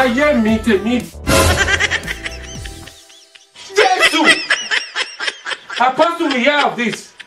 ayé to tèmi. Jésù! Apostle will hear of this.